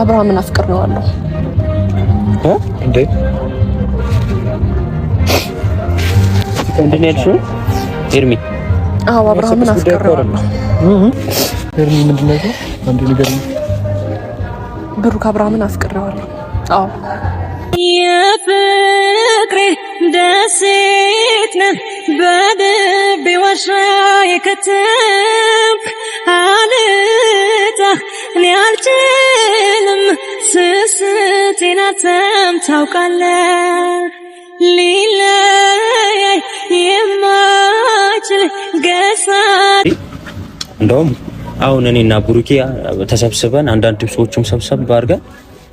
አብርሃምን አፍቅሬዋለሁ። እንዴ ምንድን ያልሽው? ኤርሚ አዎ፣ ነው ነገር ብሩክ አብርሃምን አፍቅሬዋለሁ። አዎ የፍቅሬ ደሴት ነህ በልቤ ዋሻ የከተምክ እኔ አልችልም ስስቴን አንተም የማችል ገሳ እንደውም አሁን እኔና ብሩኬ ተሰብስበን አንዳንድ ልብሶችም ሰብሰብ አድርገን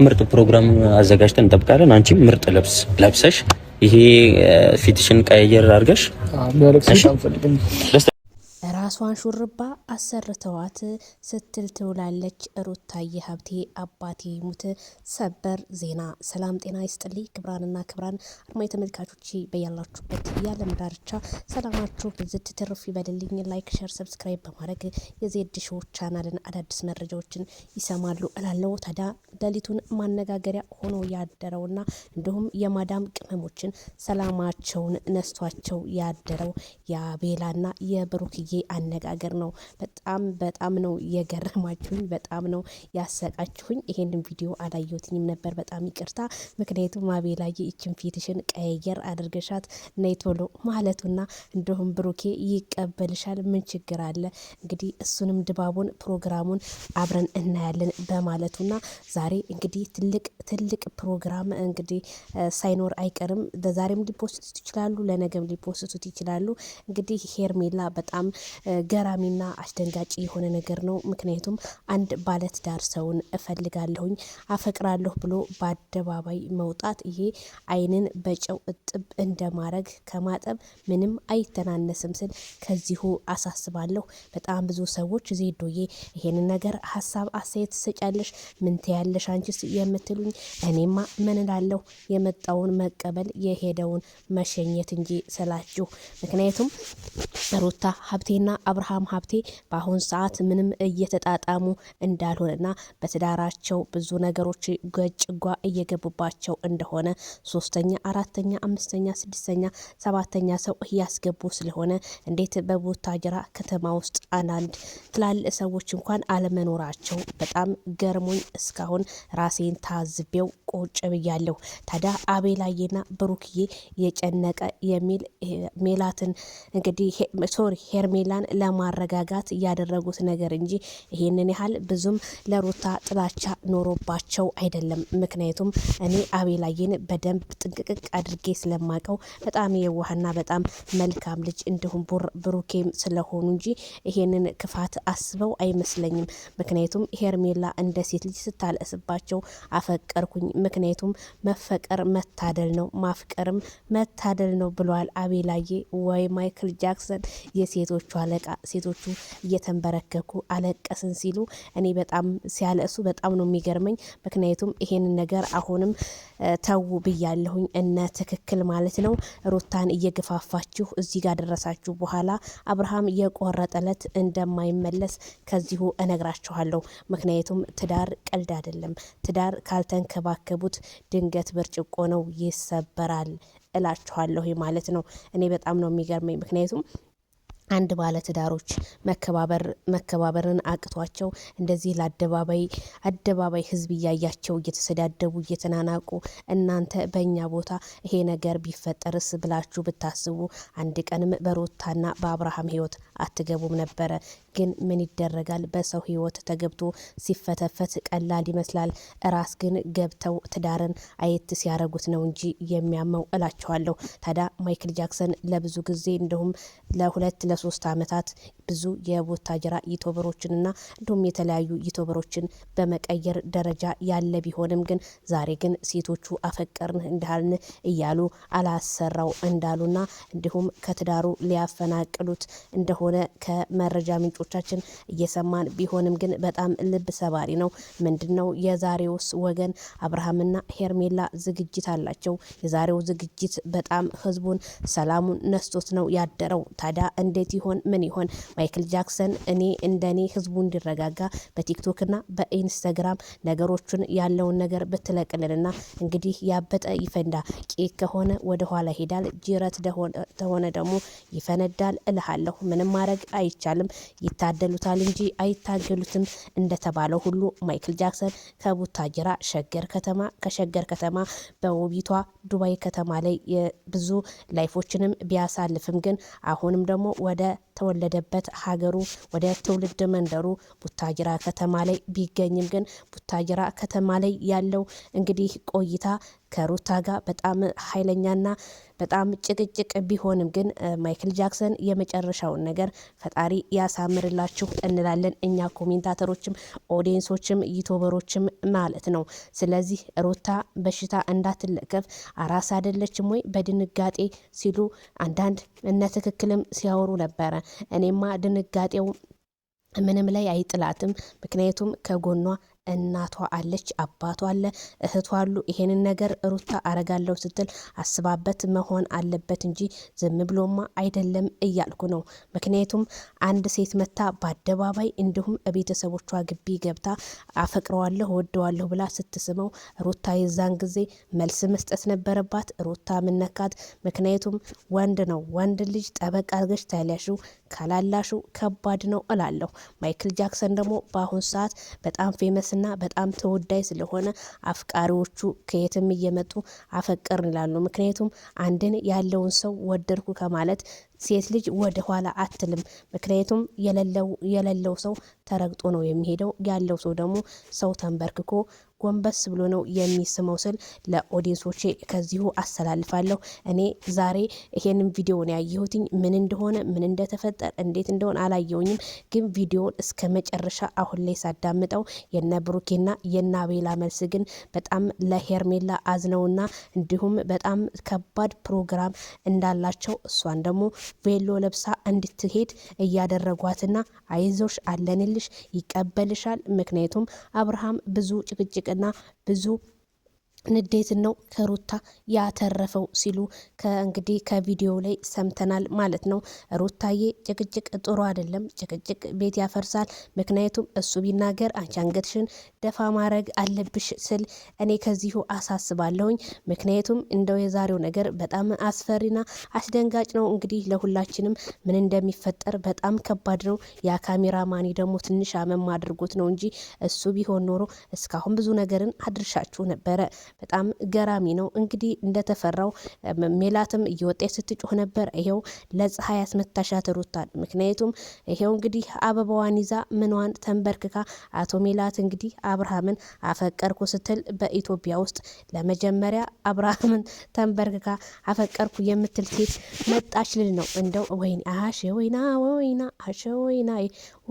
ምርጥ ፕሮግራም አዘጋጅተን እንጠብቃለን። አንቺም ምርጥ ልብስ ለብሰሽ ይሄ ፊትሽን ቀየር አድርገሽ ራሷን ሹርባ አሰርተዋት ስትል ትውላለች። ሩታዬ ሀብቴ አባቴ ሙት ሰበር ዜና። ሰላም ጤና ይስጥልኝ ክብራንና ክብራን አድማ የተመልካቾች በያላችሁበት የዓለም ዳርቻ ሰላማችሁ ብዝት ትርፍ ይበልልኝ። ላይክ፣ ሸር፣ ሰብስክራይብ በማድረግ የዜድ ሾው ቻናልን አዳዲስ መረጃዎችን ይሰማሉ እላለው። ታዲያ ሌሊቱን ማነጋገሪያ ሆኖ ያደረውና እንዲሁም የማዳም ቅመሞችን ሰላማቸውን ነስቷቸው ያደረው የቤላና የብሩክዬ አነጋገር ነው። በጣም በጣም ነው የገረማችሁኝ፣ በጣም ነው ያሰቃችሁኝ። ይሄንን ቪዲዮ አላየሁትኝም ነበር፣ በጣም ይቅርታ። ምክንያቱም አቤላዬ እችን ፊትሽን ቀየር አድርገሻት ነይ ቶሎ ማለቱና እንደሁም ብሩኬ ይቀበልሻል፣ ምን ችግር አለ? እንግዲህ እሱንም ድባቡን ፕሮግራሙን አብረን እናያለን በማለቱና ዛሬ እንግዲህ ትልቅ ትልቅ ፕሮግራም እንግዲህ ሳይኖር አይቀርም። ለዛሬም ሊፖስቱት ይችላሉ፣ ለነገም ሊፖስቱት ይችላሉ። እንግዲህ ሄርሜላ በጣም ገራሚና አስደንጋጭ የሆነ ነገር ነው። ምክንያቱም አንድ ባለትዳር ሰውን እፈልጋለሁኝ አፈቅራለሁ ብሎ በአደባባይ መውጣት ይሄ አይንን በጨው እጥብ እንደማረግ ከማጠብ ምንም አይተናነስም ስል ከዚሁ አሳስባለሁ። በጣም ብዙ ሰዎች ዜዶዬ ይሄንን ነገር ሀሳብ አስተያየት ትሰጫለሽ? ምን ትያለሽ? አንቺስ የምትሉኝ እኔማ ምን እላለሁ? የመጣውን መቀበል የሄደውን መሸኘት እንጂ ስላችሁ። ምክንያቱም ሩታ ሀብቴና አብርሃም ሀብቴ በአሁን ሰዓት ምንም እየተጣጣሙ እንዳልሆነና በትዳራቸው ብዙ ነገሮች ገጭጓ እየገቡባቸው እንደሆነ ሶስተኛ፣ አራተኛ፣ አምስተኛ፣ ስድስተኛ፣ ሰባተኛ ሰው እያስገቡ ስለሆነ እንዴት በቡታጅራ ከተማ ውስጥ አንዳንድ ትላል ሰዎች እንኳን አለመኖራቸው በጣም ገርሞኝ እስካሁን ራሴን ታዝቤው ቆጭ ብያለሁ። ታዲያ አቤላዬና ብሩክዬ የጨነቀ የሚል ሜላትን እንግዲህ ሶሪ ሄርሜላን ለማረጋጋት ያደረጉት ነገር እንጂ ይሄንን ያህል ብዙም ለሩታ ጥላቻ ኖሮባቸው አይደለም። ምክንያቱም እኔ አቤላዬን በደንብ ጥንቅቅቅ አድርጌ ስለማቀው በጣም የዋህና በጣም መልካም ልጅ እንዲሁም ብሩኬም ስለሆኑ እንጂ ይሄንን ክፋት አስበው አይመስለኝም። ምክንያቱም ሄርሜላ እንደ ሴት ልጅ ስታለስባቸው አፈቀርኩኝ ምክንያቱም መፈቀር መታደል ነው፣ ማፍቀርም መታደል ነው ብለዋል አቤላዬ ወይ ማይክል ጃክሰን የሴቶቹ አለቃ። ሴቶቹ እየተንበረከኩ አለቀስን ሲሉ እኔ በጣም ሲያለእሱ በጣም ነው የሚገርመኝ። ምክንያቱም ይሄንን ነገር አሁንም ተዉ ብያለሁኝ እነ ትክክል ማለት ነው ሩታን እየገፋፋችሁ እዚህ ጋር ደረሳችሁ። በኋላ አብርሃም የቆረጠለት እንደማይመለስ ከዚሁ እነግራችኋለሁ። ምክንያቱም ትዳር ቀልድ አይደለም። ትዳር ካልተንከባከ ሲመገቡት ድንገት ብርጭቆ ነው ይሰበራል እላችኋለሁ ማለት ነው። እኔ በጣም ነው የሚገርመኝ ምክንያቱም አንድ ባለትዳሮች መከባበር መከባበርን አቅቷቸው እንደዚህ ለአደባባይ አደባባይ ህዝብ እያያቸው እየተሰዳደቡ እየተናናቁ እናንተ በእኛ ቦታ ይሄ ነገር ቢፈጠርስ ብላችሁ ብታስቡ አንድ ቀንም በሩታና በአብርሃም ህይወት አትገቡም ነበረ። ግን ምን ይደረጋል፣ በሰው ህይወት ተገብቶ ሲፈተፈት ቀላል ይመስላል። እራስ ግን ገብተው ትዳርን አየት ሲያደርጉት ነው እንጂ የሚያመው እላቸዋለሁ። ታዲያ ማይክል ጃክሰን ለብዙ ጊዜ እንደሁም ለሁለት ለ ለ13 ዓመታት ብዙ የቡታጀራ ይቶበሮችንና እንዲሁም የተለያዩ ይቶበሮችን በመቀየር ደረጃ ያለ ቢሆንም ግን ዛሬ ግን ሴቶቹ አፈቀርን እንዳልን እያሉ አላሰራው እንዳሉና እንዲሁም ከትዳሩ ሊያፈናቅሉት እንደሆነ ከመረጃ ምንጮቻችን እየሰማን ቢሆንም ግን በጣም ልብ ሰባሪ ነው። ምንድን ነው የዛሬውስ ወገን? አብርሃምና ሄርሜላ ዝግጅት አላቸው። የዛሬው ዝግጅት በጣም ህዝቡን ሰላሙን ነስቶት ነው ያደረው። ታዲያ እንዴት ይሆን? ምን ይሆን? ማይክል ጃክሰን እኔ እንደኔ ህዝቡ እንዲረጋጋ በቲክቶክና በኢንስታግራም ነገሮችን ያለውን ነገር ብትለቅልንና እንግዲህ ያበጠ ይፈንዳ፣ ቄክ ከሆነ ወደ ኋላ ሄዳል ጅረት ተሆነ ደግሞ ይፈነዳል እልሃለሁ። ምንም ማድረግ አይቻልም። ይታደሉታል እንጂ አይታገሉትም እንደተባለው ሁሉ ማይክል ጃክሰን ከቡታጅራ ሸገር ከተማ ከሸገር ከተማ በውቢቷ ዱባይ ከተማ ላይ ብዙ ላይፎችንም ቢያሳልፍም ግን አሁንም ደግሞ ወደ ተወለደበት ሀገሩ ወደ ትውልድ መንደሩ ቡታጅራ ከተማ ላይ ቢገኝም ግን ቡታጅራ ከተማ ላይ ያለው እንግዲህ ቆይታ ከሩታ ጋር በጣም ኃይለኛና በጣም ጭቅጭቅ ቢሆንም ግን ማይክል ጃክሰን የመጨረሻውን ነገር ፈጣሪ ያሳምርላችሁ እንላለን። እኛ ኮሜንታተሮችም ኦዲየንሶችም ዩቱበሮችም ማለት ነው። ስለዚህ ሩታ በሽታ እንዳትለከፍ አራስ አይደለችም ወይ በድንጋጤ ሲሉ አንዳንድ እነ ትክክልም ሲያወሩ ነበረ። እኔማ ድንጋጤው ምንም ላይ አይጥላትም፣ ምክንያቱም ከጎኗ እናቷ አለች፣ አባቷ አለ፣ እህቷ አሉ። ይሄንን ነገር ሩታ አረጋለሁ ስትል አስባበት መሆን አለበት እንጂ ዝም ብሎማ አይደለም እያልኩ ነው። ምክንያቱም አንድ ሴት መታ በአደባባይ እንዲሁም ቤተሰቦቿ ግቢ ገብታ አፈቅረዋለሁ፣ ወደዋለሁ ብላ ስትስመው ሩታ የዛን ጊዜ መልስ መስጠት ነበረባት። ሩታ ምነካት? ምክንያቱም ወንድ ነው። ወንድ ልጅ ጠበቅ አድርገሽ ታያለሽ፣ ካላላሹ ከባድ ነው እላለሁ። ማይክል ጃክሰን ደግሞ በአሁን ሰዓት በጣም ፌመስ ና በጣም ተወዳጅ ስለሆነ አፍቃሪዎቹ ከየትም እየመጡ አፈቀርን ይላሉ። ምክንያቱም አንድን ያለውን ሰው ወደድኩ ከማለት ሴት ልጅ ወደ ኋላ አትልም። ምክንያቱም የሌለው ሰው ተረግጦ ነው የሚሄደው፣ ያለው ሰው ደግሞ ሰው ተንበርክኮ ጎንበስ ብሎ ነው የሚስመው ስል ለኦዲየንሶቼ ከዚሁ አስተላልፋለሁ። እኔ ዛሬ ይሄንን ቪዲዮን ያየሁትኝ ምን እንደሆነ ምን እንደተፈጠረ እንዴት እንደሆነ አላየውኝም፣ ግን ቪዲዮን እስከ መጨረሻ አሁን ላይ ሳዳምጠው የነ ብሩኬና የነ አቤላ መልስ ግን በጣም ለሄርሜላ አዝነውና እንዲሁም በጣም ከባድ ፕሮግራም እንዳላቸው እሷን ደግሞ ቬሎ ለብሳ እንድትሄድ እያደረጓትና አይዞሽ አለንልሽ ይቀበልሻል። ምክንያቱም አብርሃም ብዙ ጭቅጭቅና ብዙ ንዴትን ነው ከሩታ ያተረፈው ሲሉ እንግዲህ ከቪዲዮ ላይ ሰምተናል ማለት ነው። ሩታዬ ጭቅጭቅ ጥሩ አይደለም፣ ጭቅጭቅ ቤት ያፈርሳል። ምክንያቱም እሱ ቢናገር አንቺ አንገትሽን ደፋ ማድረግ አለብሽ ስል እኔ ከዚሁ አሳስባለሁኝ። ምክንያቱም እንደው የዛሬው ነገር በጣም አስፈሪና አስደንጋጭ ነው። እንግዲህ ለሁላችንም ምን እንደሚፈጠር በጣም ከባድ ነው። ያ ማኒ ደግሞ ትንሽ አመም አድርጎት ነው እንጂ እሱ ቢሆን ኖሮ እስካሁን ብዙ ነገርን አድርሻችሁ ነበረ። በጣም ገራሚ ነው። እንግዲህ እንደተፈራው ሜላትም እየወጣች ስትጮህ ነበር። ይሄው ለፀሐይ ያስመታሻት ሩታን። ምክንያቱም ይሄው እንግዲህ አበባዋን ይዛ ምንዋን ተንበርክካ አቶ ሜላት እንግዲህ አብርሃምን አፈቀርኩ ስትል በኢትዮጵያ ውስጥ ለመጀመሪያ አብርሃምን ተንበርክካ አፈቀርኩ የምትል ሴት መጣች ልል ነው። እንደው ወይን አሸ ወይና ወይና አሸ ወይና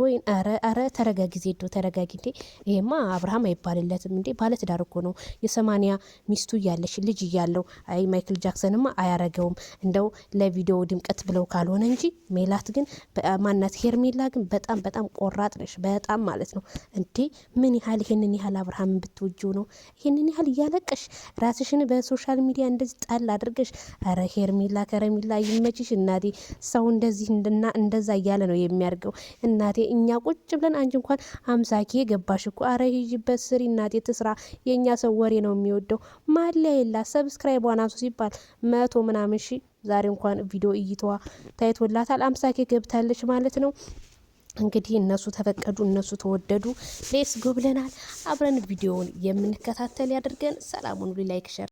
ወይን ኧረ ተረጋጊ ዜዶ ተረጋጊ እንዴ! ይሄማ አብርሃም አይባልለትም እንዴ! ባለትዳር እኮ ነው የሰማንያ ሶኒያ ሚስቱ እያለች ልጅ እያለው አይ ማይክል ጃክሰንማ አያረገውም እንደው ለቪዲዮ ድምቀት ብለው ካልሆነ እንጂ ሜላት ግን ማናት ሄርሜላ ግን በጣም በጣም ቆራጥ ነሽ፣ በጣም ማለት ነው እንዴ! ምን ያህል ይህንን ያህል አብርሃምን ብትውጁ ነው ይህንን ያህል እያለቀሽ ራስሽን በሶሻል ሚዲያ እንደዚህ ጣል አድርገሽ? ረ ሄርሜላ ከረሜላ ይመችሽ እናቴ። ሰው እንደዚህ እንደዛ እያለ ነው የሚያርገው እናቴ። እኛ ቁጭ ብለን አንቺ እንኳን አምሳኪ ገባሽ እኮ። አረ ሂጂበት ስሪ እናቴ፣ ትስራ። የእኛ ሰው ወሬ ነው የሚወ የሚወደው ማሊያ የላ ሰብስክራይብ ዋናቱ ሲባል መቶ ምናምን ሺ ዛሬ እንኳን ቪዲዮ እይተዋ ታይቶላታል። አምሳ ገብታለች ማለት ነው። እንግዲህ እነሱ ተፈቀዱ፣ እነሱ ተወደዱ። ሌስ ጎብለናል። አብረን ቪዲዮውን የምንከታተል ያድርገን። ሰላሙን ላይክ ሸር